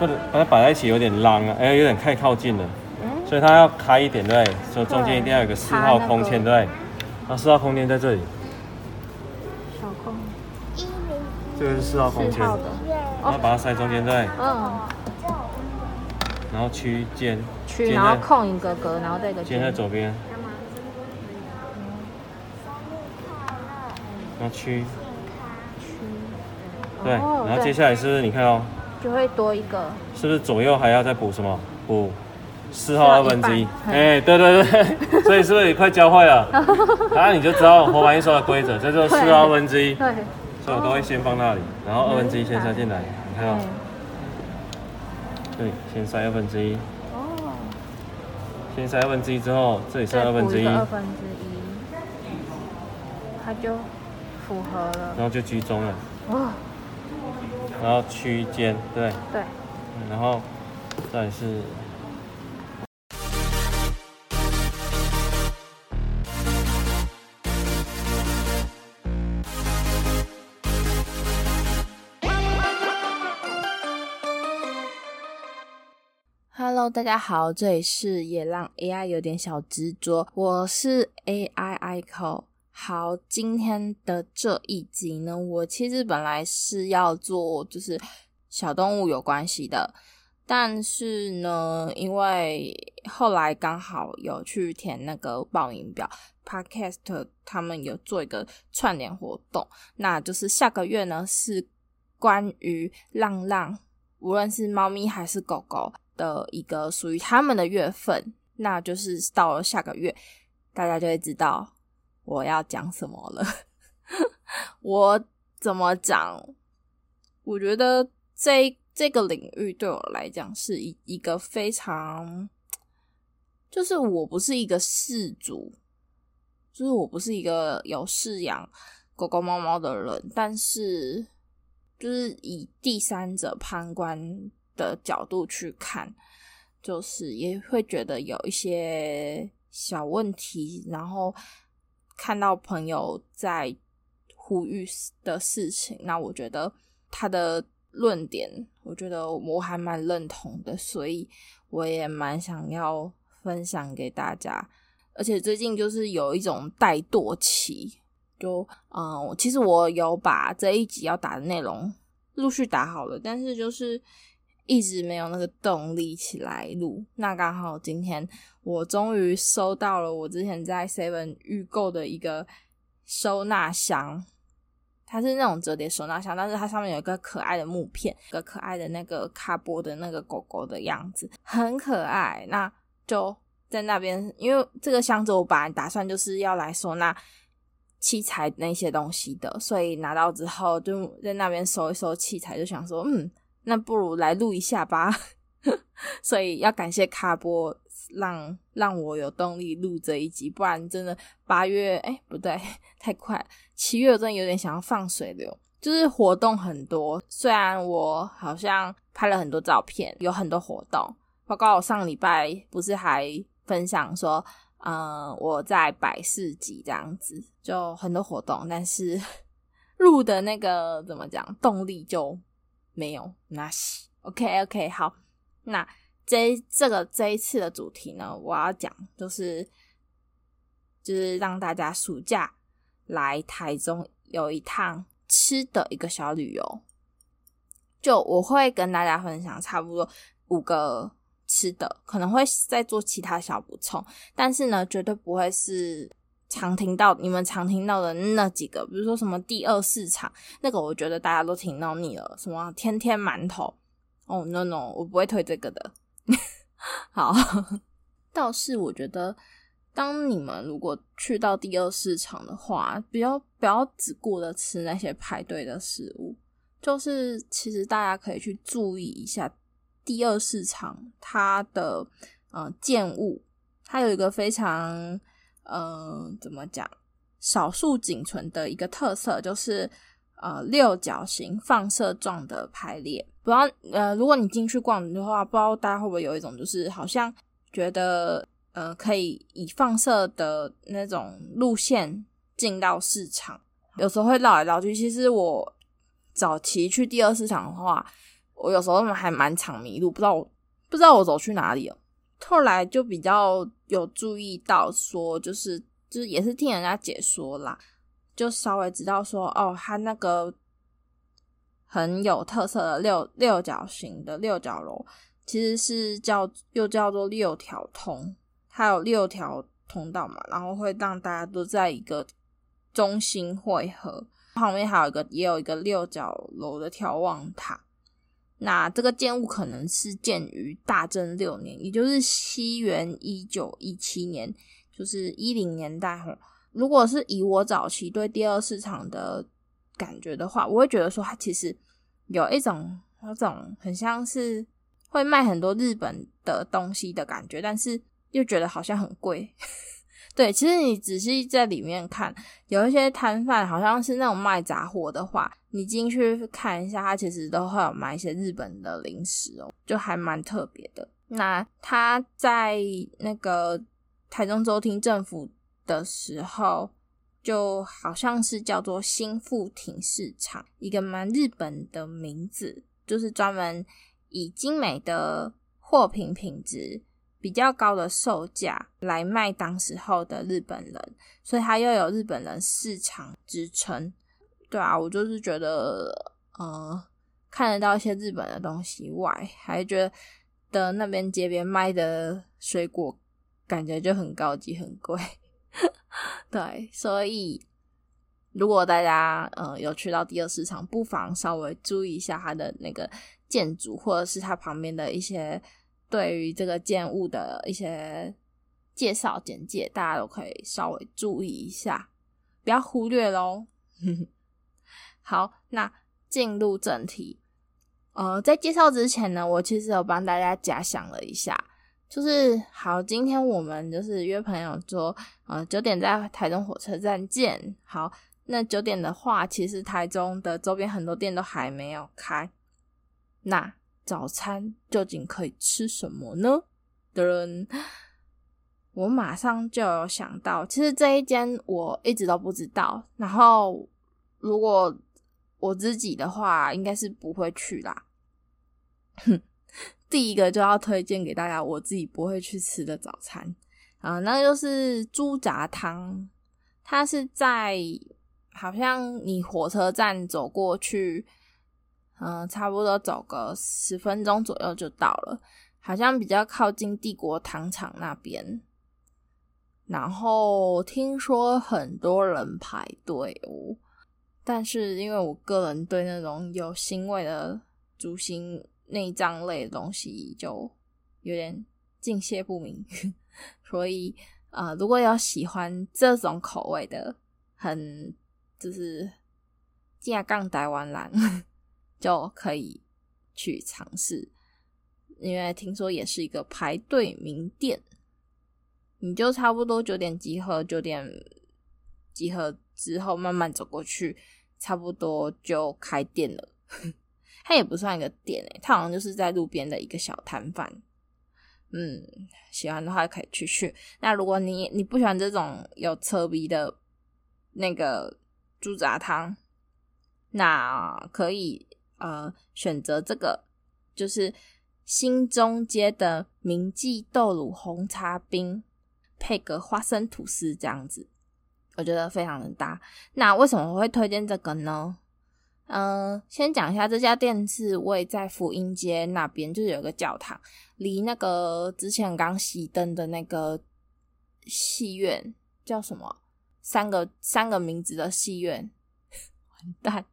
不能把它擺在一起有點浪啊，哎、欸，有點太靠近了、嗯，所以它要開一點，對，所以中間一定要有個四號空間，對，它四號空間在這裡。小空一米。這個是四號空間。然後把它塞中間，對。嗯、然後區間。區，然後空一個格，然後再一個區間在左邊。然後區。對，然後接下來是你看哦、喔。就會多一個，是不是左右還要再補什麼？補四號二分之一。哎、欸，對對對， 所以是不是也快教壞了？那、 啊、你就知道我活版一手的規則，這就是四號二分之一。對，所以我都會先放那裡，然後二分之一先塞進來，你看嗎、喔？對，先塞二分之一。哦。先塞二分之一之後，這裡塞二分之一分之、嗯。它就符合了。然後就居中了。哇。然後區間對對、嗯，然後，這裡是。Hello，大家好，這裡是也讓 AI 有點小執着，我是 AIICO。好，今天的這一集呢，我其實本來是要做就是小動物有關係的，但是呢，因為後來剛好有去填那個報名表，Podcast 他們有做一個串聯活動，那就是下個月呢，是關於浪浪，無論是貓咪還是狗狗的一個屬於他們的月份，那就是到了下個月，大家就會知道。我要講什麼了？ 我怎麼講？我覺得這這個領域對我來講是一一個非常，就是我不是一個飼主，就是我不是一個有飼養狗狗貓貓的人，但是就是以第三者旁觀的角度去看，就是也會覺得有一些小問題，然後。看到朋友在呼籲的事情，那我覺得他的論點，我覺得我還蠻認同的，所以我也蠻想要分享給大家。而且最近就是有一種怠惰期，就嗯，其實我有把這一集要打的內容陸續打好了，但是就是。一直沒有那個動力起來錄，那剛好今天我終於收到了我之前在 Seven 預購的一個收納箱，它是那種折疊收納箱，但是它上面有一個可愛的木片，一個可愛的那個卡波的那個狗狗的樣子，很可愛。那就在那邊，因為這個箱子我本來打算就是要來收納器材那些東西的，所以拿到之後就在那邊收一收器材，就想說，嗯。那不如來錄一下吧， 所以要感謝卡波讓，讓讓我有動力錄這一集，不然真的八月哎、欸、不對，太快，七月我真的有點想要放水流，就是活動很多，雖然我好像拍了很多照片，有很多活動，包括我上禮拜不是還分享說，嗯，我在百事集這樣子，就很多活動，但是錄的那個怎麼講動力就。沒有，那是，OK，OK，好，那這這個這一次的主題呢，我要講就是就是讓大家暑假來台中有一趟吃的一個小旅遊，就我會跟大家分享差不多五個吃的，可能會再做其他小補充，但是呢，絕對不會是。常聽到你們常聽到的那幾個，比如說什麼第二市場，那個我覺得大家都聽到膩了。什麼、啊、天天饅頭哦、oh，no no，我不會推這個的。 好，倒是我覺得，當你們如果去到第二市場的話，不要不要只顧着吃那些排隊的食物，就是其實大家可以去注意一下第二市場它的嗯、呃、建物，它有一個非常。呃，怎麼講？少數僅存的一個特色就是，呃，六角形放射狀的排列。不知道，呃，如果你進去逛的話，不知道大家會不會有一種，就是好像覺得，呃，可以以放射的那種路線進到市場。有時候會繞來繞去。其實我早期去第二市場的話，我有時候還蠻常迷路，不知道我，不知道我走去哪裡了。後來就比較有注意到說，就是就是也是聽人家解說啦，就稍微知道說哦，他那個很有特色的六六角形的六角樓，其實是叫又叫做六條通，它有六條通道嘛，然後會讓大家都在一個中心匯合，旁邊還有一個也有一個六角樓的眺望塔。那這個建物可能是建於大正六年，也就是西元一九一七年，就是一零年代吼。如果是以我早期對第二市場的感覺的話，我會覺得說它其實有一種那種很像是會賣很多日本的東西的感覺，但是又覺得好像很貴。對，其實你仔細在裡面看，有一些攤販好像是那種賣雜貨的話，你進去看一下，他其實都會有賣一些日本的零食哦，就還蠻特別的。那他在那個台中州廳政府的時候，就好像是叫做新富町市場，一個蠻日本的名字，就是專門以精美的貨品品質。比較高的售價來賣當時候的日本人，所以他又有日本人市場支撐，對啊，我就是覺得，呃、嗯，看得到一些日本的東西外，還覺得那邊街邊賣的水果感覺就很高級、很貴， 對，所以如果大家嗯有去到第二市場，不妨稍微注意一下它的那個建築，或者是它旁邊的一些。對於這個建物的一些介紹簡介，大家都可以稍微注意一下，不要忽略嘍。 好，那進入正題。呃，在介紹之前呢，我其實有幫大家假想了一下，就是好，今天我們就是約朋友說，呃，九點在台中火車站見。好，那九點的話，其實台中的周邊很多店都還沒有開，那。早餐究竟可以吃什麼呢？的人，我馬上就有想到，其實這一間我一直都不知道。然後，如果我自己的話，應該是不會去啦。哼，第一個就要推薦給大家，我自己不會去吃的早餐啊，那就是豬雜湯。它是在好像你火車站走過去。嗯，差不多走個十分鐘左右就到了，好像比較靠近帝國糖廠那邊。然後聽說很多人排隊哦，但是因為我個人對那種有腥味的豬心、內臟類的東西就有點敬謝不敏， 所以啊、呃，如果有喜歡這種口味的，很就是架槓台灣人。就可以去嘗試，因為聽說也是一個排隊名店，你就差不多九點集合，九點集合之後慢慢走過去，差不多就開店了。它 也不算一個店誒、欸，它好像就是在路邊的一個小攤販。嗯，喜歡的話可以去去。那如果你你不喜歡這種有側鼻的那個豬雜湯，那可以。呃、嗯，選擇這個就是興中街的明記豆乳紅茶冰，配個花生吐司這樣子，我覺得非常的搭。那為什麼我會推薦這個呢？嗯，先講一下這家店是位在福音街那邊，就是有一個教堂，離那個之前剛熄燈的那個戲院叫什麼？三個三個名字的戲院，完蛋。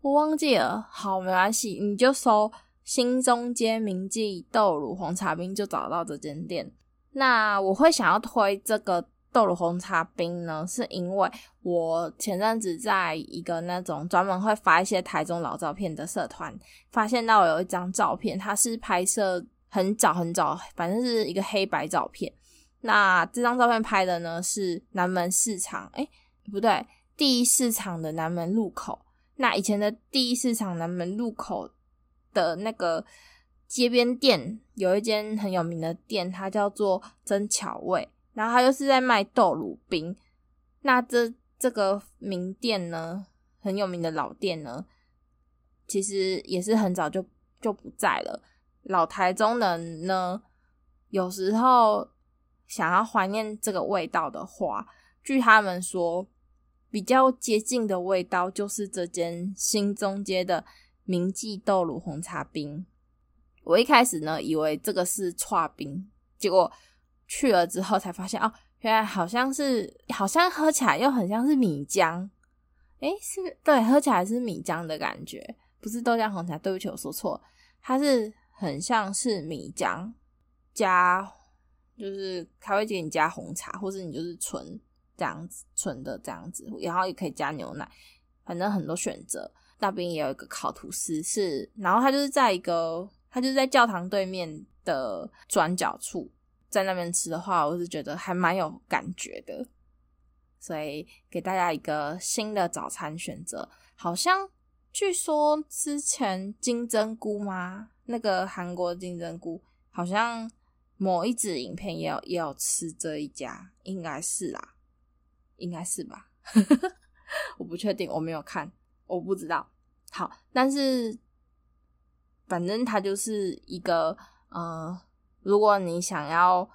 我忘記了，好，沒關係，你就搜“興中街明記豆乳紅茶冰”就找到這間店。那我會想要推這個豆乳紅茶冰呢，是因為我前陣子在一個那種專門會發一些台中老照片的社團，發現到有一張照片，它是拍攝很早很早，反正是一個黑白照片。那這張照片拍的呢，是南門市場，哎、欸，不對，第一市場的南門路口。那以前的第一市場南門入口的那個街邊店，有一間很有名的店，它叫做真巧味，然後它又是在賣豆乳冰。那這這個名店呢，很有名的老店呢，其實也是很早就就不在了。老台中人呢，有時候想要懷念這個味道的話，據他們說。比較接近的味道就是這間興中街的明記豆乳紅茶冰。我一開始呢，以為這個是剉冰，結果去了之後才發現哦，原來好像是，好像喝起來又很像是米漿。哎、欸，是，對，喝起來是米漿的感覺，不是豆漿紅茶。對不起，我說錯，它是很像是米漿加，就是咖啡機你加紅茶，或是你就是純。這樣子純的這樣子，然後也可以加牛奶，反正很多選擇。那邊也有一個烤吐司是，然後它就是在一個，它就是在教堂對面的轉角處，在那邊吃的話，我是覺得還蠻有感覺的。所以給大家一個新的早餐選擇，好像據說之前金針菇嗎？那個韓國金針菇好像某一支影片也有也有吃這一家，應該是啦、啊。應該是吧，呵呵呵，我不確定，我沒有看，我不知道。好，但是反正它就是一個，呃，如果你想要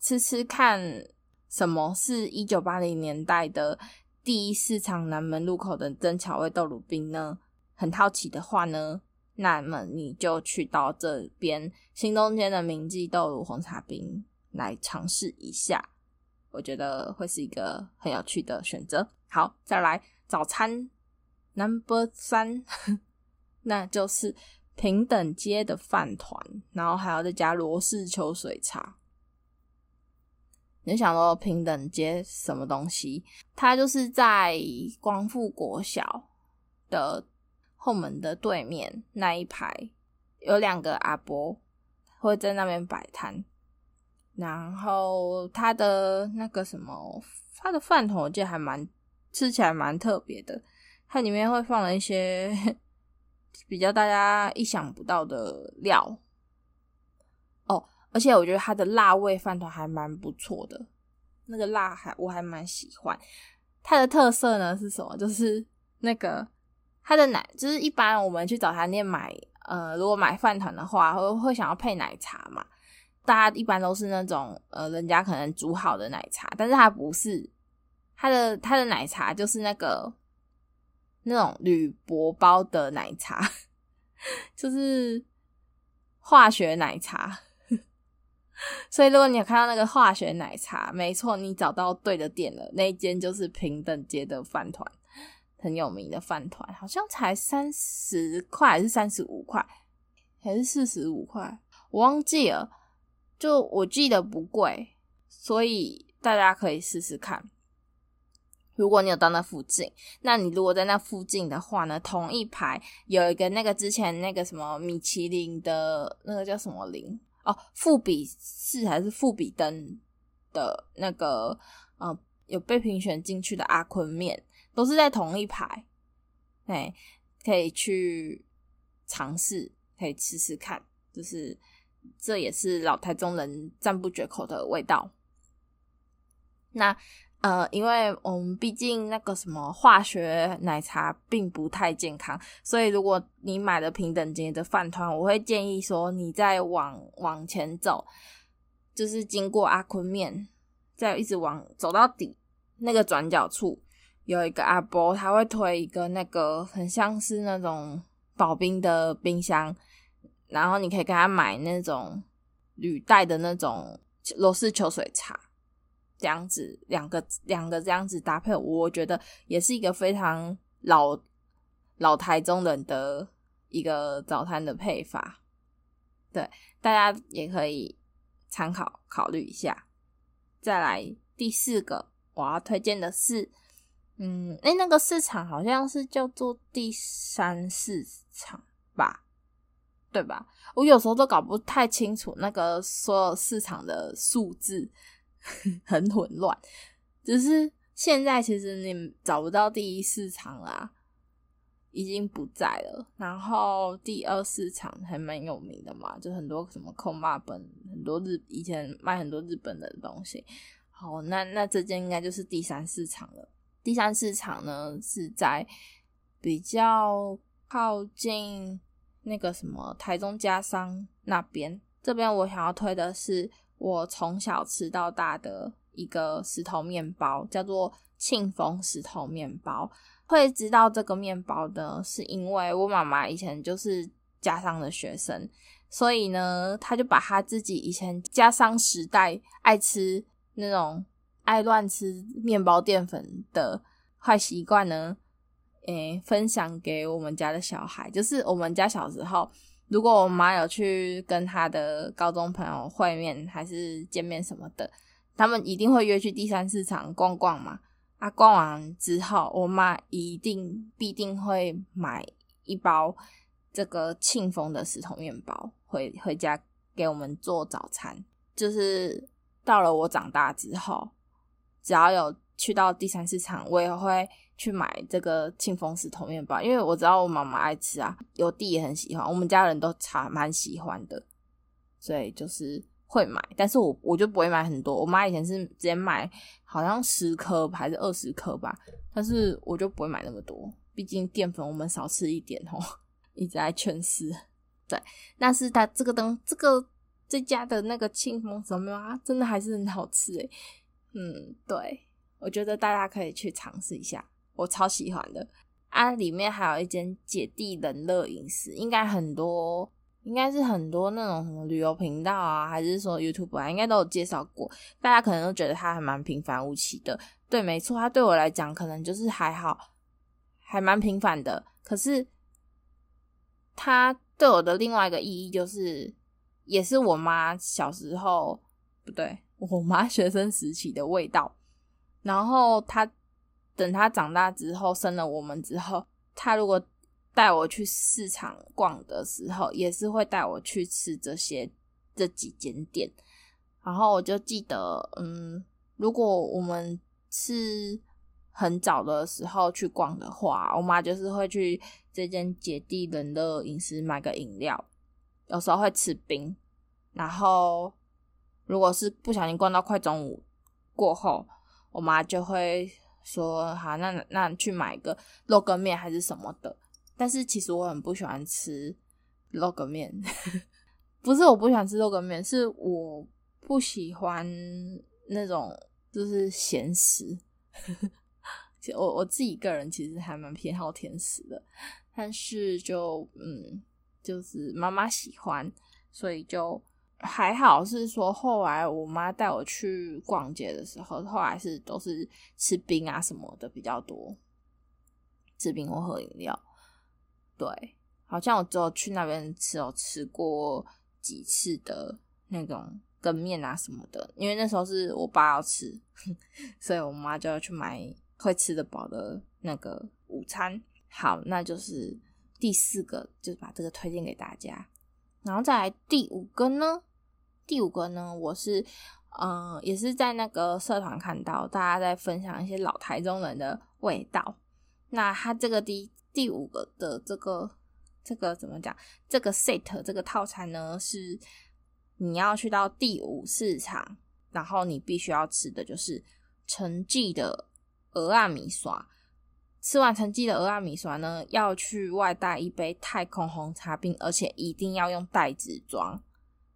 吃吃看什麼是一九八零年代的第一市場南門路口的真巧味豆乳冰呢，很好奇的話呢，那麼你就去到這邊興中街的明記豆乳紅茶冰來嘗試一下。我覺得會是一個很有趣的選擇。好，再來早餐，number 三，No. 3， 那就是平等街的飯糰，然後還要再加羅氏秋水茶。你想到平等街什麼東西？它就是在光復國小的後門的對面那一排，有兩個阿伯會在那邊擺攤。然後它的那個什麼，它的飯糰我記得還蠻吃起來蠻特別的，它裡面會放了一些比較大家意想不到的料哦。而且我覺得它的辣味飯糰還蠻不錯的，那個辣還我還蠻喜歡。它的特色呢是什麼？就是那個它的奶，就是一般我們去早餐店買，呃，如果買飯糰的話，會會想要配奶茶嘛。大家一般都是那種呃，人家可能煮好的奶茶，但是它不是，它的它的奶茶就是那個那種鋁箔包的奶茶，就是化學奶茶。 所以如果你有看到那個化學奶茶，沒錯，你找到對的店了。那一間就是平等街的飯糰，很有名的飯糰，好像才三十塊，還是三十五塊，還是四十五塊，我忘記了。就我記得不貴，所以大家可以試試看。如果你有到那附近，那你如果在那附近的話呢，同一排有一個那個之前那個什麼米其林的那個叫什麼林哦，富比士還是富比登的那個呃，有被評選進去的阿坤面，都是在同一排，哎、欸，可以去嘗試，可以試試看，就是。這也是老台中人讚不絕口的味道。那呃，因為我們畢竟那個什麼化學奶茶並不太健康，所以如果你買了平等街的飯糰，我會建議說你再往往前走，就是經過阿坤麵，再一直往走到底那個轉角處有一個阿波，他會推一個那個很像是那種保冰的冰箱。然後你可以給他買那種鋁袋的那種羅氏秋水茶，這樣子兩個兩個這樣子搭配，我覺得也是一個非常老老台中人的一個早餐的配法，對，大家也可以參考考慮一下。再來第四個我要推薦的是，嗯，哎，那個市場好像是叫做第三市場吧。對吧？我有時候都搞不太清楚那個所有市場的數字呵呵，很混亂。只是現在其實你找不到第一市場啦，已經不在了。然後第二市場還蠻有名的嘛，就很多什麼扣罵本，很多日，以前賣很多日本人的東西。好，那那這間應該就是第三市場了。第三市場呢是在比較靠近。那個什麼台中家商那邊，這邊我想要推的是我從小吃到大的一個石頭麵包，叫做慶豐石頭麵包。會知道這個麵包的，是因為我媽媽以前就是家商的學生，所以呢，她就把她自己以前家商時代愛吃那種愛亂吃麵包澱粉的壞習慣呢。誒、欸，分享給我們家的小孩，就是我們家小時候，如果我媽有去跟她的高中朋友會面，還是見面什麼的，他們一定會約去第三市場逛逛嘛。啊，逛完之後，我媽一定必定會買一包這個慶豐的石頭麵包回回家，給我們做早餐。就是到了我長大之後，只要有去到第三市場，我也會。去買這個慶豐石頭麵包，因為我知道我媽媽愛吃啊，我弟也很喜歡，我們家人都差蠻喜歡的，所以就是會買，但是我我就不會買很多。我媽以前是直接買，好像十顆還是二十顆吧，但是我就不會買那麼多，畢竟澱粉我們少吃一點齁，一直在勸食。對，但是他這個燈，這個這家的那個慶豐石頭麵包真的還是很好吃誒。嗯，對，我覺得大家可以去嘗試一下。我超喜歡的啊！裡面還有一間姐弟冷熱飲食，應該很多，應該是很多那種什麼旅遊頻道啊，還是說 YouTube 啊，應該都有介紹過。大家可能都覺得它還蠻平凡無奇的。對，沒錯，它對我來講可能就是還好，還蠻平凡的。可是它對我的另外一個意義，就是也是我媽小時候，不對，我媽學生時期的味道。然後它。等他長大之後，生了我們之後，他如果帶我去市場逛的時候，也是會帶我去吃這些這幾間店。然後我就記得，嗯，如果我們吃很早的時候去逛的話，我媽就是會去這間姊弟冷熱飲食買個飲料，有時候會吃冰。然後，如果是不小心逛到快中午過後，我媽就會。說好，那那去買個肉羹麵還是什麼的。但是其實我很不喜歡吃肉羹麵， 不是我不喜歡吃肉羹麵，是我不喜歡那種就是鹹食。呵 呵，我我自己個人其實還蠻偏好甜食的，但是就嗯，就是媽媽喜歡，所以就。還好是說，後來我媽帶我去逛街的時候，後來是都是吃冰啊什麼的比較多，吃冰或喝飲料。對，好像我只有去那邊吃，有吃過幾次的那種羹麵啊什麼的，因為那時候是我爸要吃，呵呵，所以我媽就要去買會吃得飽的那個午餐。好，那就是第四個，就是把這個推薦給大家，然後再來第五個呢？第五個呢，我是，嗯、呃，也是在那個社團看到大家在分享一些老台中人的味道。那他這個第第五個的這個這個怎麼講？這個 set 這個套餐呢，是你要去到第五市場，然後你必須要吃的就是陳記的蚵仔麵線。吃完陳記的蚵仔麵線呢，要去外帶一杯太空紅茶冰，而且一定要用袋子裝，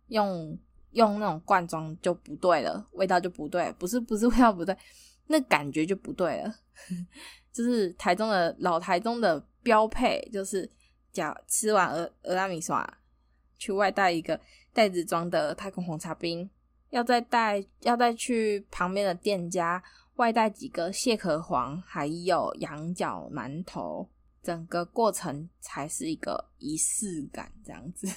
用。用那種罐裝就不對了，味道就不對了，不是不是味道不對，那感覺就不對了。 就是台中的老台中的標配，就是假，吃完蚵，蚵仔麵線，去外帶一個袋子裝的太空紅茶冰，要再帶要再去旁邊的店家外帶幾個蟹殼黃，還有羊角饅頭，整個過程才是一個儀式感，這樣子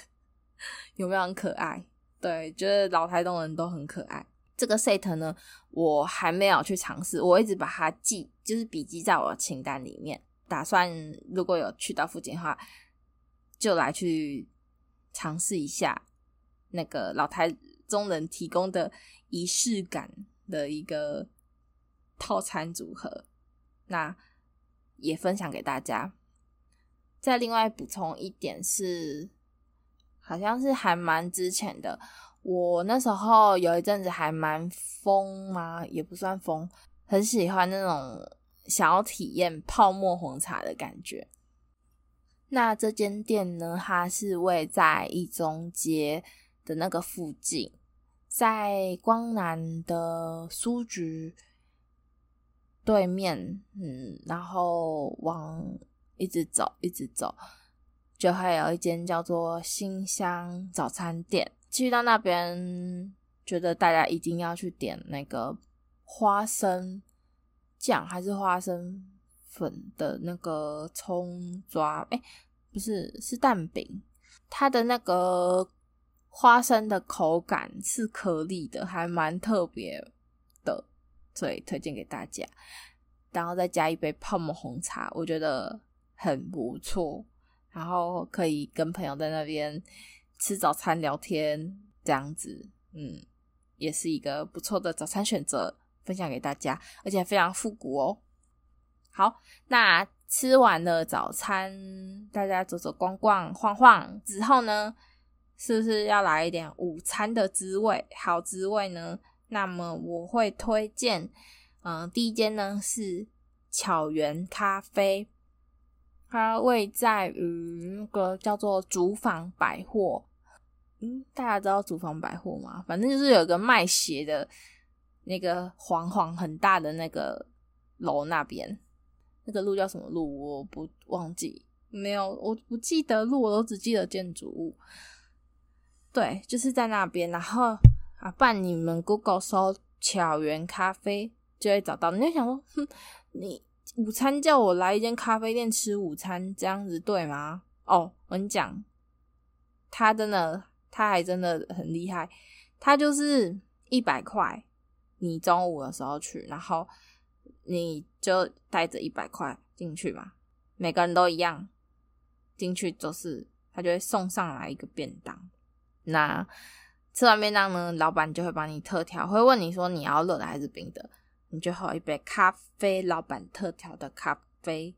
有沒有很可愛？對，覺得老台中人都很可愛。這個 set 呢，我還沒有去嘗試，我一直把它記，就是筆記在我的清單裡面，打算如果有去到附近的話，就來去嘗試一下那個老台中人提供的儀式感的一個套餐組合，那也分享給大家。再另外補充一點是，好像是還蠻值錢的。我那時候有一陣子還蠻瘋嘛、啊，也不算瘋，很喜歡那種想要體驗泡沫紅茶的感覺。那這間店呢，它是位在一中街的那個附近，在光南的書局對面。嗯，然後往一直走，一直走。就還有一間叫做新香早餐店，去到那邊，覺得大家一定要去點那個花生醬還是花生粉的那個蔥抓，哎、欸，不是，是蛋餅，它的那個花生的口感是顆粒的，還蠻特別的，所以推薦給大家。然後再加一杯泡沫紅茶，我覺得很不錯。然後可以跟朋友在那邊吃早餐、聊天這樣子，嗯，也是一個不錯的早餐選擇，分享給大家，而且還非常復古哦。好，那吃完了早餐，大家走走逛逛、晃晃之後呢，是不是要來一點午餐的滋味？好滋味呢？那麼我會推薦，嗯、呃，第一間呢是巧園咖啡。它位在於、嗯、那個叫做“竹房百貨”，嗯，大家知道“竹房百貨”嗎？反正就是有個賣鞋的那個黃黃很大的那個樓那邊，那個路叫什麼路？我不忘記，沒有，我不記得路，我都只記得建築物。對，就是在那邊。然後啊，不然你們 Google 搜“巧園咖啡”就會找到。你就想說，哼，你。午餐叫我來一間咖啡店吃午餐，這樣子對嗎？哦，我跟你講，他真的，他還真的很厲害。他就是一百塊，你中午的時候去，然後你就帶着一百塊進去嘛。每個人都一樣，進去就是他就會送上來一個便當。那吃完便當呢，老闆就會幫你特調，會問你說你要熱的還是冰的。你就喝一杯咖啡，老板特調的咖啡，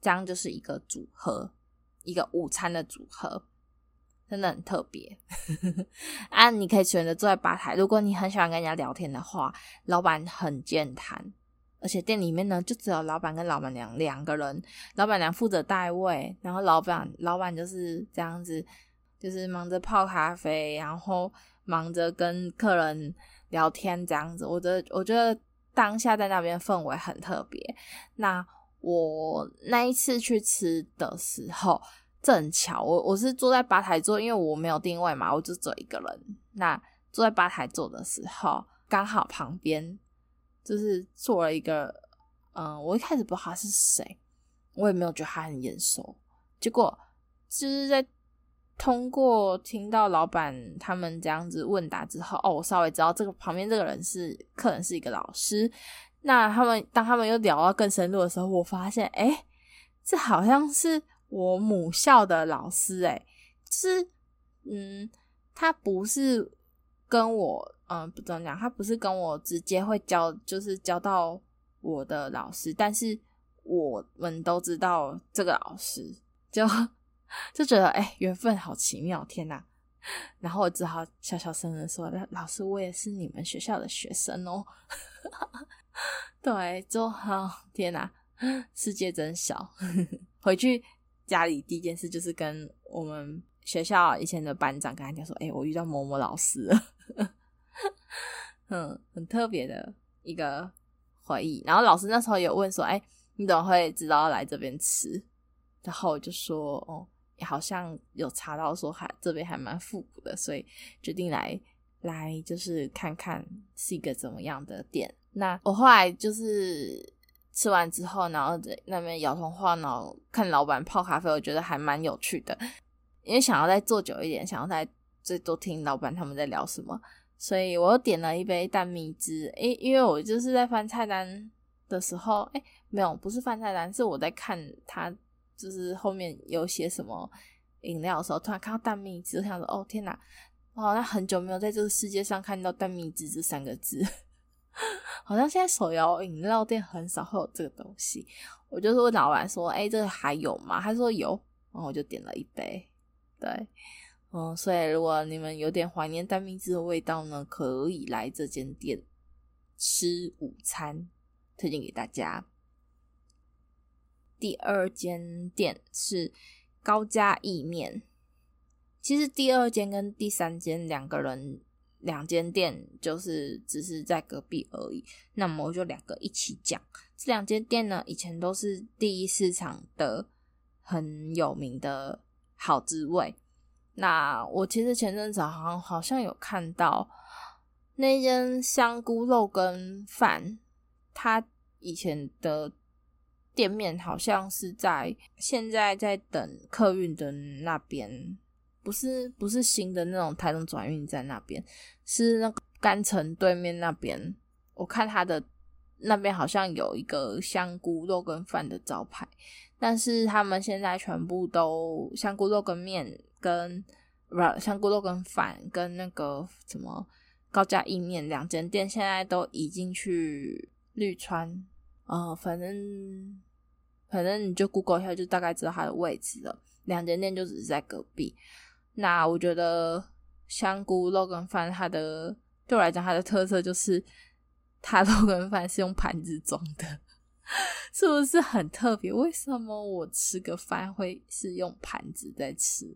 這樣就是一個組合，一個午餐的組合，真的很特別 啊！你可以選擇坐在吧台，如果你很喜歡跟人家聊天的話，老板很健談，而且店裡面呢，就只有老板跟老板娘兩個人，老板娘負責帶位，然後老板，老板就是這樣子，就是忙着泡咖啡，然後忙着跟客人聊天這樣子。我覺得，我覺得。當下在那邊氛圍很特別。那我那一次去吃的時候，正巧我我是坐在吧台座，因為我沒有定位嘛，我就坐一個人。那坐在吧台座的時候，剛好旁邊就是坐了一個，嗯，我一開始不知道他是誰，我也沒有覺得他很眼熟。結果就是在。通過聽到老闆他們這樣子問答之後，哦，我稍微知道這個旁邊這個人是客人，是一個老師。那他們當他們又聊到更深入的時候，我發現，哎，這好像是我母校的老師、欸，哎、就，是，嗯，他不是跟我，嗯，不知道怎麼講，他不是跟我直接會教，就是教到我的老師，但是我們都知道這個老師就。就覺得誒，緣分好奇妙，天哪！然後我只好小小聲的說：“老師，我也是你們學校的學生哦。 ”對，就好、哦，天哪，世界真小。 回去家裡第一件事就是跟我們學校以前的班長跟他講說：“誒，我遇到某某老師了。 ”嗯，很特別的一個回憶。然後老師那時候有問說：“誒，你怎麼會知道要來這邊吃？”然後我就說：“哦。”好像有查到說還這邊還蠻復古的，所以決定來來就是看看是一個怎麼樣的店。那我後來就是吃完之後，然後在那邊搖頭晃腦看老闆泡咖啡，我覺得還蠻有趣的，因為想要再坐久一點，想要再最多聽老闆他們在聊什麼，所以我又點了一杯蛋蜜汁。誒，因為我就是在翻菜單的時候，誒，沒有，不是翻菜單，是我在看他。就是後面有寫什麼飲料的時候，突然看到蛋蜜汁，我想說，哦天哪，好像很久沒有在這個世界上看到蛋蜜汁這三個字， 好像現在手搖飲料店很少會有這個東西。我就是問老闆說，哎、欸，這個還有嗎？他說有，然後我就點了一杯。對，嗯，所以如果你們有點懷念蛋蜜汁的味道呢，可以來這間店吃午餐，推薦給大家。第二間店是高家意麵，其實第二間跟第三間兩個人兩間店就是只是在隔壁而已。那麼我就兩個一起講，這兩間店呢，以前都是第一市場的很有名的好滋味。那我其實前陣子好像好像有看到那間香菇肉羹飯它以前的，店面好像是在現在在等客運的那邊，不是不是新的那種台中轉運站那邊，是那個干城對面那邊。我看他的那邊好像有一個香菇肉羹飯的招牌，但是他們現在全部都香菇肉羹麵跟不、啊、香菇肉羹飯跟那個什麼高家意麵兩間店現在都已經去綠川，呃，反正。反正你就 Google 一下，就大概知道它的位置了。兩間店就只是在隔壁。那我覺得香菇肉羹飯，Fan, 它的對我來講，它的特色就是它肉羹飯是用盤子裝的， 是不是很特別？為什麼我吃個飯會是用盤子在吃？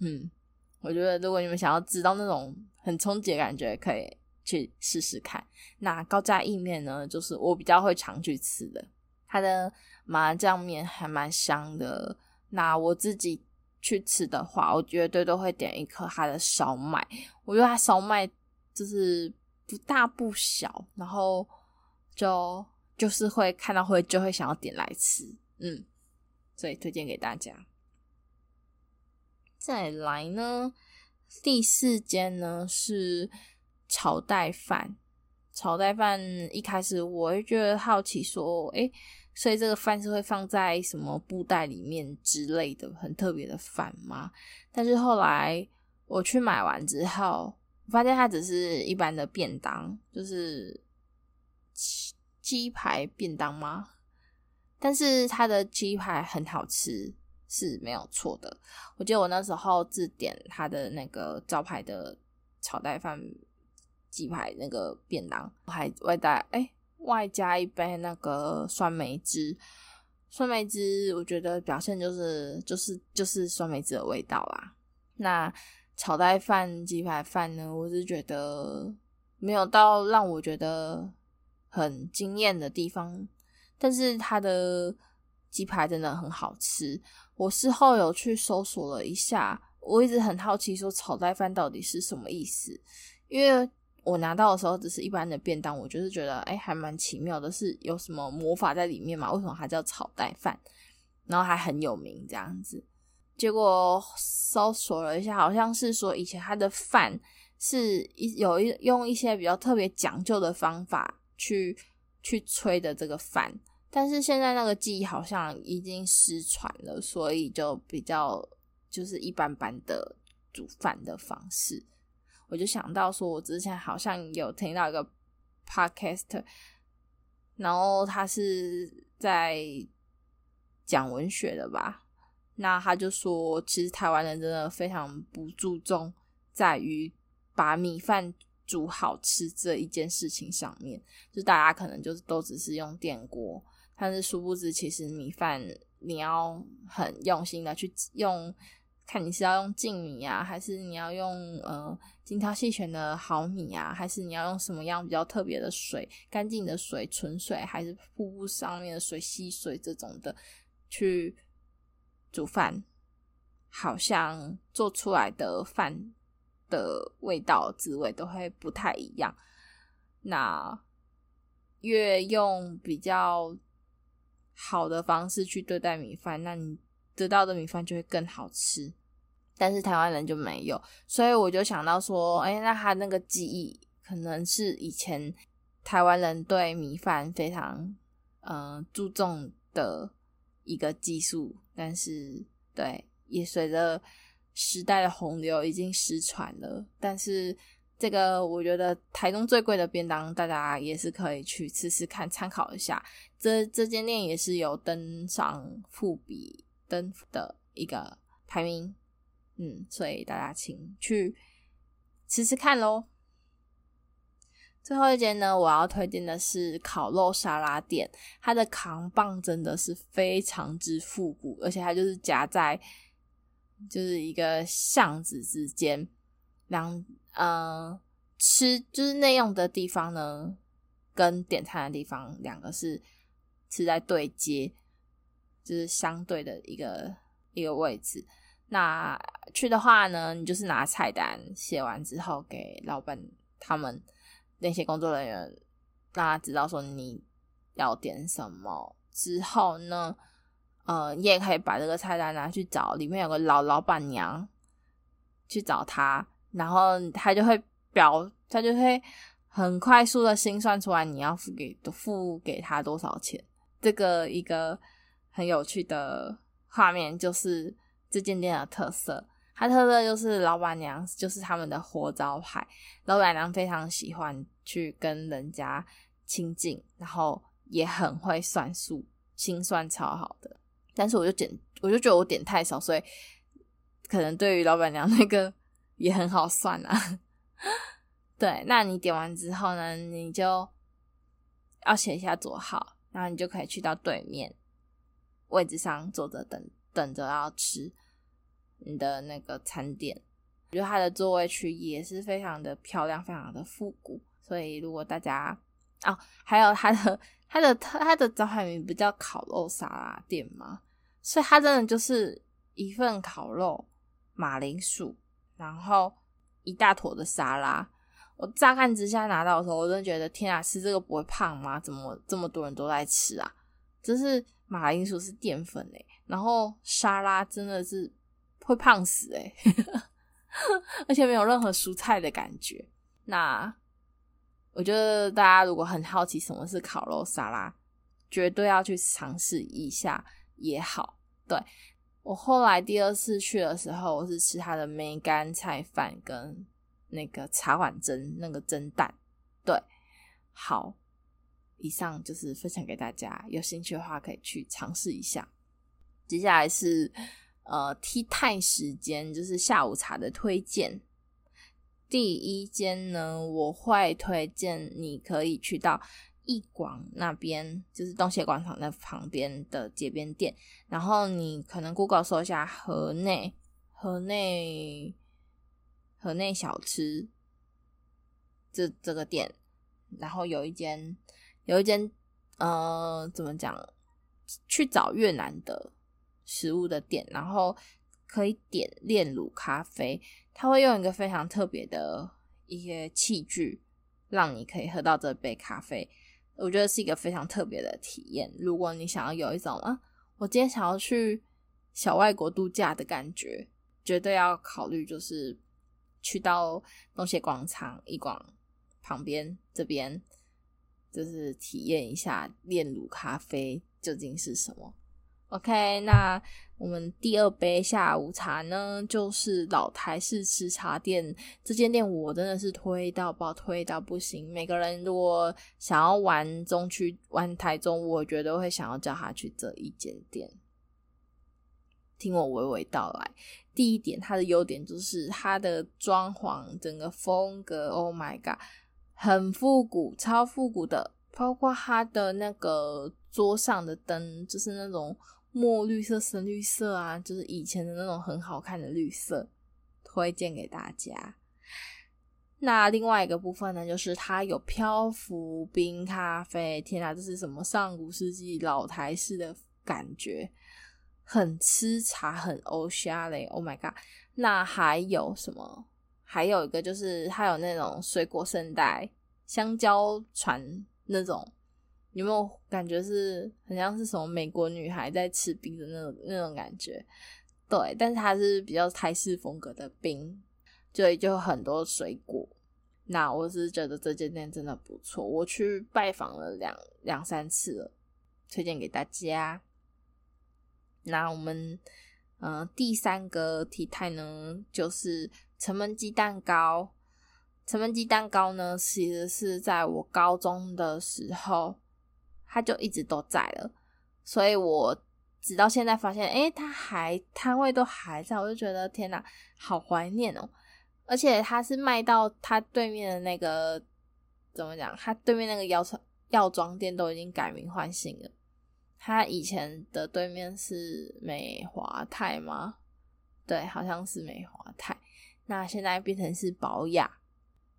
嗯，我覺得如果你們想要知道那種很衝擊的感覺，可以去試試看。那高家意麵呢，就是我比較會常去吃的，它的。麻醬麵還蠻香的。那我自己去吃的話，我絕對都會點一顆它的燒麥。我覺得它燒麥就是不大不小，然後就就是會看到會就會想要點來吃。嗯，所以推薦給大家。再來呢，第四間呢是草袋飯。草袋飯一開始我會覺得好奇說，說哎。所以這個飯是會放在什麼布袋裡面之類的，很特別的飯嗎？但是後來我去買完之後，我發現它只是一般的便當，就是雞排便當嗎？但是它的雞排很好吃是沒有錯的。我記得我那時候自點它的那個招牌的草袋飯雞排那個便當，還外帶誒、欸外加一杯那個酸梅汁，酸梅汁我覺得表現就是就是就是酸梅汁的味道啦。那草袋飯，雞排飯呢，我是覺得沒有到讓我覺得很驚艷的地方，但是它的雞排真的很好吃。我事後有去搜索了一下，我一直很好奇說草袋飯到底是什麼意思，因為。我拿到的時候只是一般的便當，我就是覺得，哎，還蠻奇妙的，是有什麼魔法在裡面嘛？為什麼它叫草袋飯？然後還很有名這樣子。結果搜索了一下，好像是說以前它的飯是一有一用一些比較特別講究的方法去去炊的這個飯，但是現在那個技藝好像已經失傳了，所以就比較就是一般般的煮飯的方式。.我就想到說，我之前好像有聽到一個 podcaster，然後他是在講文學的吧？那他就說，其實台灣人真的非常不注重在於把米飯煮好吃這一件事情上面，就大家可能就是都只是用電鍋，但是殊不知，其實米飯你要很用心的去用。看你是要用淨米呀，啊，還是你要用呃精挑細選的好米呀，啊，還是你要用什麼樣比較特別的水、乾淨的水、純水，還是瀑布上面的水、溪水這種的去煮飯，好像做出來的飯的味道、滋味都會不太一樣。那越用比較好的方式去對待米飯，那你得到的米飯就會更好吃。但是台灣人就沒有，所以我就想到說，哎、欸，那他那個技藝可能是以前台灣人對米飯非常嗯、呃、注重的一個技術，但是對也隨着時代的洪流已經失傳了。但是這個我覺得台中最貴的便當，大家也是可以去吃吃看，參考一下。這這間店也是有登上富比登的一個排名。嗯，所以大家請去吃吃看嘍。最後一間呢，我要推薦的是烤肉沙拉店，它的扛棒真的是非常之復古，而且它就是夾在就是一個巷子之間，兩呃吃就是內用的地方呢，跟點餐的地方兩個是是在對接，就是相對的一個一個位置。那去的話呢，你就是拿菜單寫完之後給老闆他們那些工作人員，讓他知道說你要點什麼之後呢，呃，你也可以把這個菜單拿去找裡面有個老老闆娘，去找他，然後他就會表，他就會很快速的心算出來你要付給付給他多少錢。這個一個很有趣的畫面就是。這間店的特色，它特色就是老闆娘，就是他們的活招牌。老闆娘非常喜歡去跟人家親近，然後也很會算數，心算超好的。但是我就點，我就覺得我點太少，所以可能對於老闆娘那個也很好算啦、啊。對，那你點完之後呢，你就要寫一下座號，然後你就可以去到對面位置上坐着等。等着要吃你的那個餐點，我覺得它的座位區也是非常的漂亮，非常的復古。所以如果大家哦，還有他的他的他的招牌名不叫烤肉沙拉店嗎？所以他真的就是一份烤肉、馬鈴薯，然後一大坨的沙拉。我乍看之下拿到的時候，我真的覺得天啊，吃這個不會胖嗎？怎麼這麼多人都在吃啊？就是。馬鈴薯是澱粉哎、欸，然後沙拉真的是會胖死欸，呵呵，而且沒有任何蔬菜的感覺。那我覺得大家如果很好奇什麼是烤肉沙拉，絕對要去嘗試一下也好，對。我後來第二次去的時候，我是吃它的梅乾菜飯跟那個茶碗蒸那個蒸蛋，對，好。以上就是分享給大家，有興趣的話可以去嘗試一下。接下來是呃 Tea Time 時間，就是下午茶的推薦。第一間呢，我會推薦你可以去到一廣那邊，就是東協廣場那旁邊的街邊店。然後你可能 Google 搜一下河內，河內河內小吃，這，這個店，然後有一間。有一間，呃，怎麼講？去找越南的食物的店，然後可以點煉乳咖啡，它會用一個非常特別的一些器具，讓你可以喝到這杯咖啡。我覺得是一個非常特別的體驗。如果你想要有一種啊，我今天想要去小外國度假的感覺，絕對要考慮就是去到東協廣場一廣旁邊這邊。就是體驗一下煉乳咖啡究竟是什麼。OK，那我們第二杯下午茶呢，就是老台式吃茶店。這間店我真的是推到爆，推到不行。每個人如果想要玩中區、玩台中，我覺得會想要叫他去這一間店。聽我娓娓道來，第一點，它的優點就是它的裝潢整個風格，Oh my God！很復古，超復古的，包括它的那個桌上的燈，就是那種墨綠色、深綠色啊，就是以前的那種很好看的綠色，推薦給大家。那另外一個部分呢，就是它有漂浮冰咖啡，天啊，這是什麼上古世紀老台式的感覺，很喫茶，很歐夏嘞，Oh my god！那還有什麼？還有一個就是，還有那種水果聖代、香蕉船那種，有沒有感覺是很像是什麼美國女孩在吃冰的那種那種感覺？對，但是它是比較台式風格的冰，所以就很多水果。那我是覺得這間店真的不錯，我去拜訪了兩兩三次了，推薦給大家。那我們嗯、呃，第三個體態呢，就是。城門雞蛋糕，城門雞蛋糕呢，其實是在我高中的時候，它就一直都在了。所以我直到現在發現，誒、欸，它還攤位都還在，我就覺得天哪，、啊，好懷念哦！而且它是賣到它對面的那個，怎麼講？它對面那個藥裝藥妝店都已經改名換姓了。它以前的對面是美華泰嗎？對，好像是美華泰。那現在變成是寶雅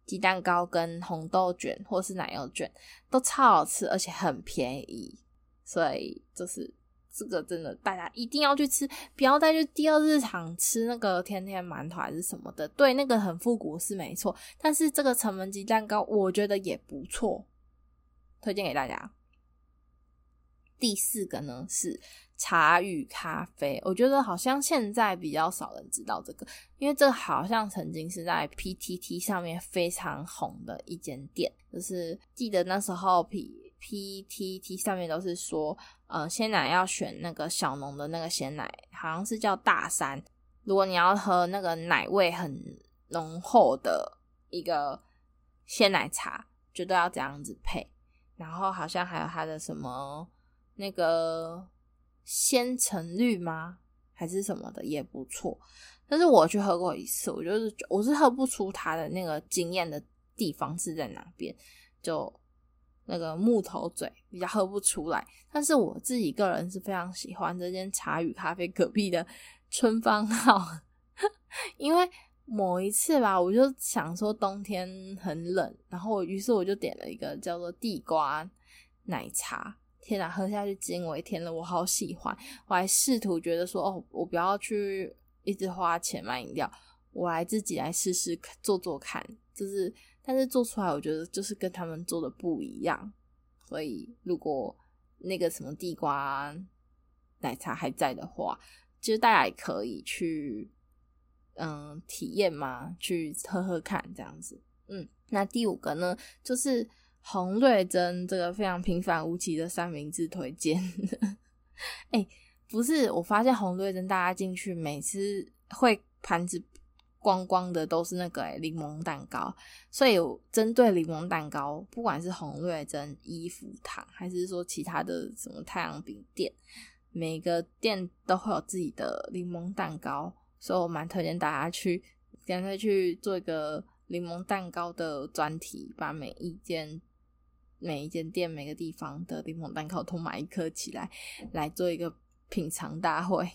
雞蛋糕。跟紅豆卷或是奶油卷都超好吃，而且很便宜，所以就是這個真的大家一定要去吃，不要再去第二市場，吃那個天天饅頭還是什麼的。對，那個很復古是沒錯，但是這個城門雞蛋糕我覺得也不錯，推薦給大家。第四個呢是，茶語咖啡，我覺得好像現在比較少人知道這個，因為這個好像曾經是在 PTT 上面非常紅的一間店，就是記得那時候 P, PTT 上面都是說，呃，鮮奶要選那個小農的那個鮮奶，好像是叫大山。如果你要喝那個奶味很濃厚的一個鮮奶茶，就都要這樣子配。然後好像還有它的什麼那個。鮮橙綠嗎？還是什麼的也不錯。但是我去喝過一次，我就是我是喝不出它的那個驚豔的地方是在哪邊，就那個木頭嘴比較喝不出來。但是我自己個人是非常喜歡這間茶語咖啡隔壁的春芳號， 因為某一次吧，我就想說冬天很冷，然後於是我就點了一個叫做地瓜奶茶。天吶，喝下去驚為天人，我好喜歡。我還試圖覺得說，哦，我不要去一直花錢買飲料，我來自己來試試做做看。就是，但是做出來我覺得就是跟他們做的不一樣。所以，如果那個什麼地瓜奶茶還在的話，其實大家也可以去，嗯，體驗嘛，去喝喝看這樣子。嗯，那第五個呢，就是。紅瑞珍這個非常平凡無奇的三明治推薦，哎、 欸，不是，我發現洪瑞珍大家進去每次會盤子光光的都是那個檸、欸、檬蛋糕，所以有針對檸檬蛋糕，不管是洪瑞珍、一福堂，還是說其他的什麼太陽餅店，每個店都會有自己的檸檬蛋糕，所以我蠻推薦大家去乾脆去做一個檸檬蛋糕的專題，把每一間。每一間店、每個地方的檸檬蛋糕，都買一顆起來，來做一個品嘗大會。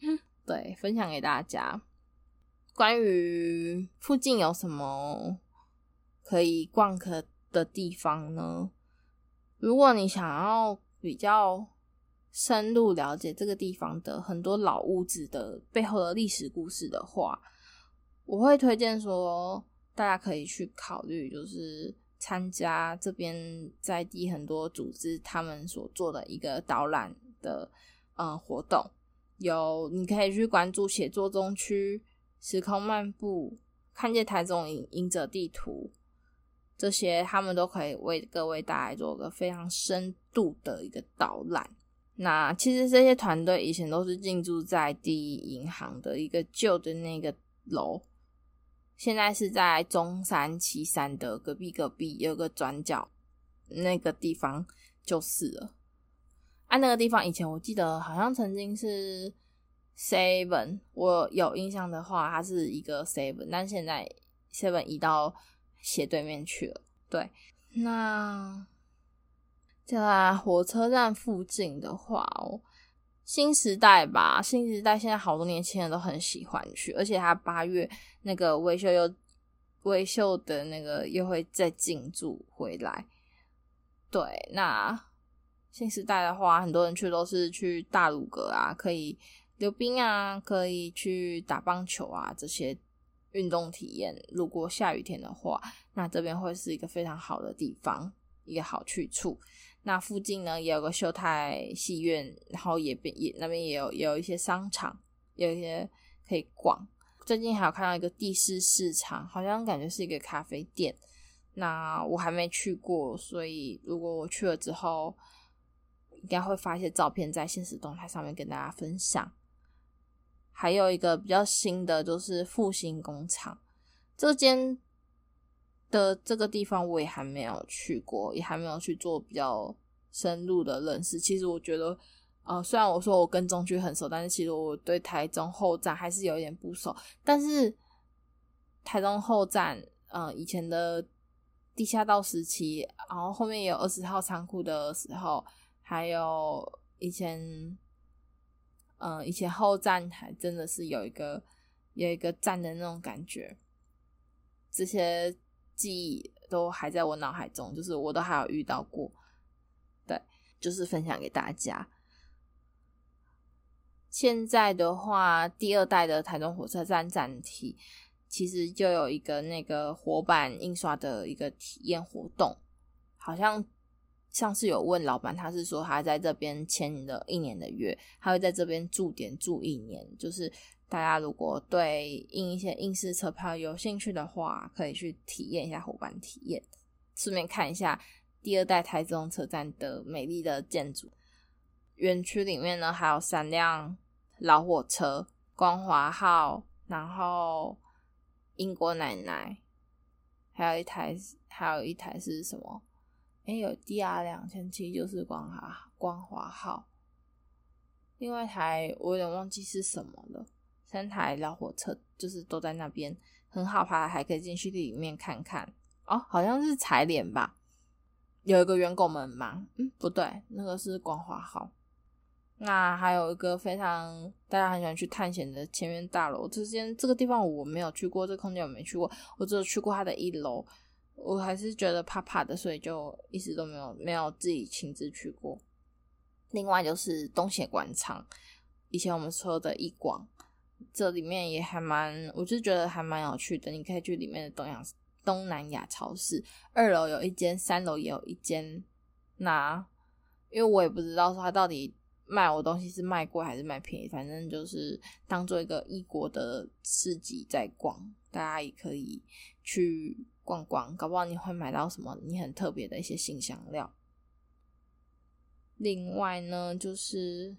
嗯。對，分享給大家。關於附近有什麼可以逛的地方呢？如果你想要比較深入了解這個地方的很多老屋子的背後的歷史故事的話，我會推薦說，大家可以去考慮，就是。參加這邊在地很多組織他們所做的一個導覽的呃、嗯、活動，有你可以去關注寫作中區、時空漫步、看見台中影影者地圖這些，他們都可以為各位帶來做個非常深度的一個導覽。那其實這些團隊以前都是進駐在第一銀行的一個舊的那個樓。現在是在中山七三的隔壁，隔壁，隔壁有個轉角，那個地方就是了。啊，那個地方以前我記得好像曾經是 Seven，我有印象的話，它是一個 Seven，但現在 Seven 移到斜對面去了。對，那在火車站附近的話，哦。新時代吧，新時代現在好多年輕人都很喜歡去，而且他八月那個威秀又威秀的那個又會再進駐回來。對，那新時代的話，很多人去都是去大魯閣啊，可以溜冰啊，可以去打棒球啊，這些運動體驗。如果下雨天的話，那這邊會是一個非常好的地方，一個好去處。那附近呢，也有個秀泰戲院，然後也也那邊也有也有一些商場，有一些可以逛。最近還有看到一個地市市場，好像感覺是一個咖啡店。那我還沒去過，所以如果我去了之後，應該會發一些照片在限時動態上面跟大家分享。還有一個比較新的就是復興工廠，這間。的這個地方我也還沒有去過，也還沒有去做比較深入的認識。其實我覺得，呃，雖然我說我跟中區很熟，但是其實我對台中後站還是有一點不熟。但是台中後站，嗯、呃，以前的地下道時期，然後後面也有二十號倉庫的時候，還有以前，嗯、呃，以前後站還真的是有一個有一個站的那種感覺，這些。記憶都還在我腦海中，就是我都還有遇到過，對，就是分享給大家。現在的話，第二代的台中火車站站體其實就有一個那個活版印刷的一個體驗活動，好像上次有問老闆，他是說他在這邊簽了一年的約，他會在這邊駐點駐一年，就是。大家如果對印一些硬式車票有興趣的話，可以去體驗一下活版體驗，順便看一下第二代台中車站的美麗的建築。園區裡面呢，還有三輛老火車，光華號，然後英國奶奶，還有一台，還有一台是什麼？哎、欸，有 DR 兩千七，就是光華光華號。另外一台我有點忘記是什麼了。三台老火車就是都在那邊，很好爬，還可以進去裡面看看哦，好像是彩蓮吧？有一個員工們嗎？嗯，不對，那個是光華號。那還有一個非常大家很喜歡去探險的千越大樓，之前這個地方我沒有去過，這個、空間我沒去過，我只有去過它的一樓，我還是覺得怕怕的，所以就一直都沒有沒有自己親自去過。另外就是東協廣場，以前我們說的一廣。這裡面也還蠻，我就覺得還蠻有趣的。你可以去裡面的東亞東南亞超市，二樓有一間，三樓也有一間。那因為我也不知道說它到底賣我東西是賣貴還是賣便宜，反正就是當做一個異國的市集在逛，大家也可以去逛逛，搞不好你會買到什麼你很特別的一些辛香料。另外呢，就是。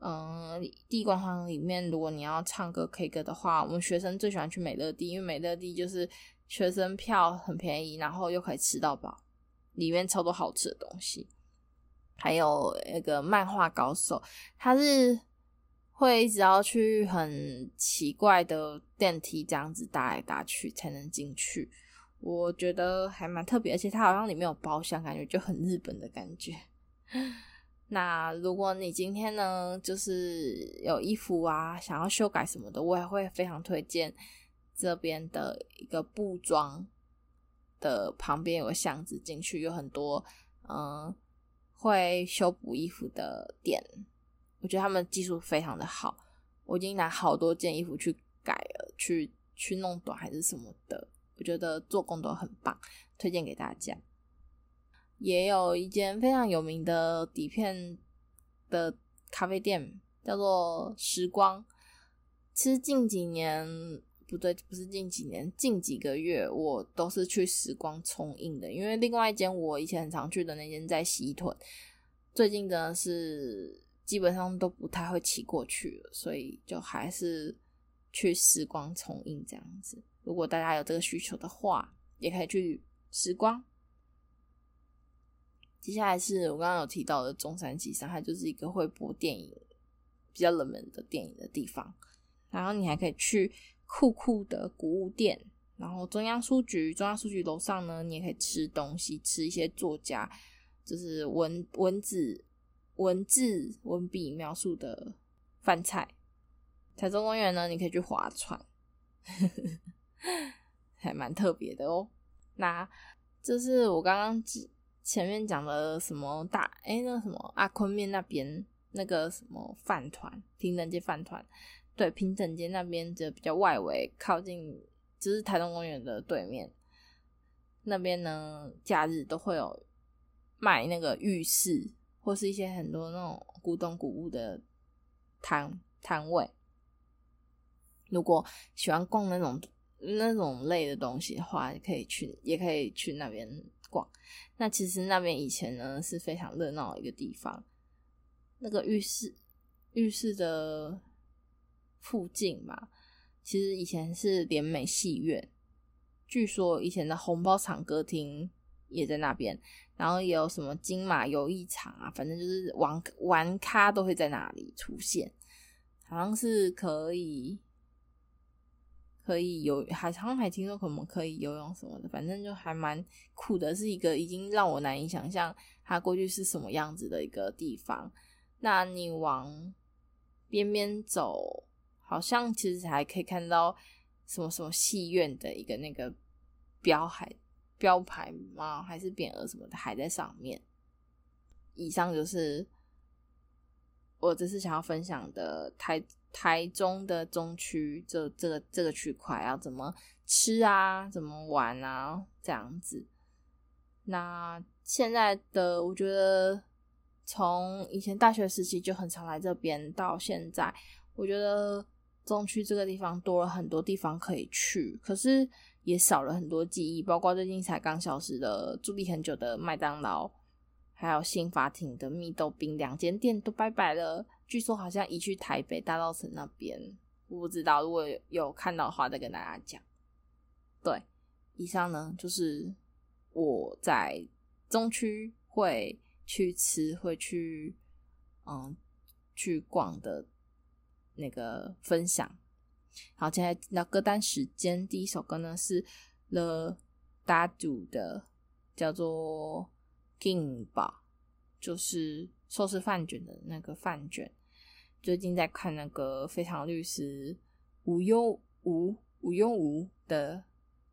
嗯，第一廣場裡面，如果你要唱歌 K 歌的話，我們學生最喜歡去美樂地，因為美樂地就是學生票很便宜，然後又可以吃到飽，裡面超多好吃的東西。還有那個漫畫高手，他是會一直要去很奇怪的電梯，這樣子搭來搭去才能進去。我覺得還蠻特別，而且它好像裡面有包廂，感覺就很日本的感覺。那如果你今天呢，就是有衣服啊，想要修改什麼的，我也會非常推薦這邊的一個布莊的旁邊有個巷子，進去有很多嗯，會修補衣服的店，我覺得他們技術非常的好。我已經拿好多件衣服去改了，去去弄短還是什麼的，我覺得做工都很棒，推薦給大家。也有一間非常有名的底片的咖啡店，叫做時光。其實近幾年不對，不是近幾年，近幾個月我都是去時光沖印的。因為另外一間我以前很常去的那間在西屯，最近真的是基本上都不太會騎過去了，所以就還是去時光沖印這樣子。如果大家有這個需求的話，也可以去時光。接下來是我剛剛有提到的中山73，它就是一個會播電影、比較冷門的電影的地方。然後你還可以去酷酷的古物店，然後中央書局，中央書局樓上呢，你也可以吃東西，吃一些作家就是文文字、文字、文筆描述的飯菜。台中公園呢，你可以去划船， 還蠻特別的哦。那這是我剛剛。前面講的什麼大，誒那個什麼阿昆、啊、麵那邊那個什麼飯糰，平等街飯糰，對，平等街那邊就比較外圍，靠近就是台中公園的對面，那邊呢，假日都會有賣那個浴室或是一些很多那種古董古物的攤攤位。如果喜歡逛那種那種類的東西的話，可以去，也可以去那邊。那其實那邊以前呢是非常熱鬧的一個地方。那個浴室浴室，的附近嘛，其實以前是聯美戲院，據說以前的紅包場歌廳也在那邊，然後也有什麼金馬遊藝場啊，反正就是玩玩咖都會在那裡出現，好像是可以。可以游，還好像還聽說可能可以游泳什麼的，反正就還蠻酷的，是一個已經讓我難以想象它過去是什麼樣子的一個地方。那你往邊邊走，好像其實還可以看到什麼什麼戲院的一個那個標海標牌嗎？還是匾額什麼的還在上面？以上就是。我只是想要分享的台台中的中區、這個，這這個這個區塊要怎麼吃啊，怎麼玩啊，這樣子。那現在的我覺得，從以前大學時期就很常來這邊，到現在，我覺得中區這個地方多了很多地方可以去，可是也少了很多記憶，包括最近才剛消失的佇立很久的麥當勞。還有幸發亭的蜜豆冰，兩間店都拜拜了。據說好像移去台北大稻埕那邊，我不知道。如果有看到的話，再跟大家講。對，以上呢就是我在中區會去吃、會去嗯去逛的那個分享。好，現在那歌單時間，第一首歌呢是 The Jadu 的，叫做。定吧，就是壽司飯卷的那個飯卷。最近在看那個《非常律師禹英禑，禹英禑禹英禑》的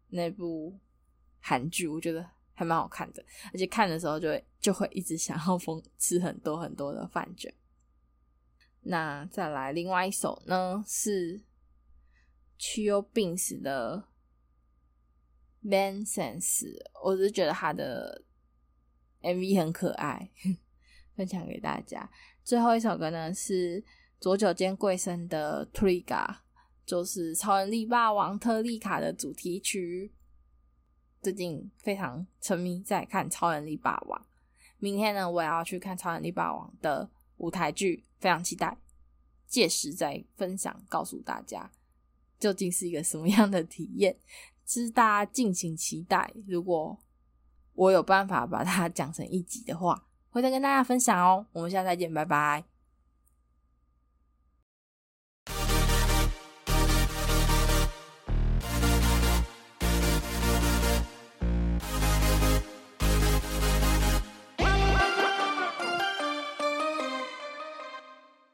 那部韓劇，我覺得還蠻好看的。而且看的時候就會就會一直想要瘋吃很多很多的飯卷。那再來另外一首呢，是 Chilli Beans. 的 Vacance。我只是覺得他的。MV 很可愛，分享給大家。最後一首歌呢是佐久間貴生的《Trigger》，就是《超人力霸王》特麗卡的主題曲。最近非常沉迷在看《超人力霸王》，明天呢我也要去看《超人力霸王》的舞台劇，非常期待。屆時再分享告訴大家究竟是一個什麼樣的體驗，知大家敬請期待。如果我有辦法把它講成一集的話，回頭跟大家分享哦。我們下次再見，拜拜。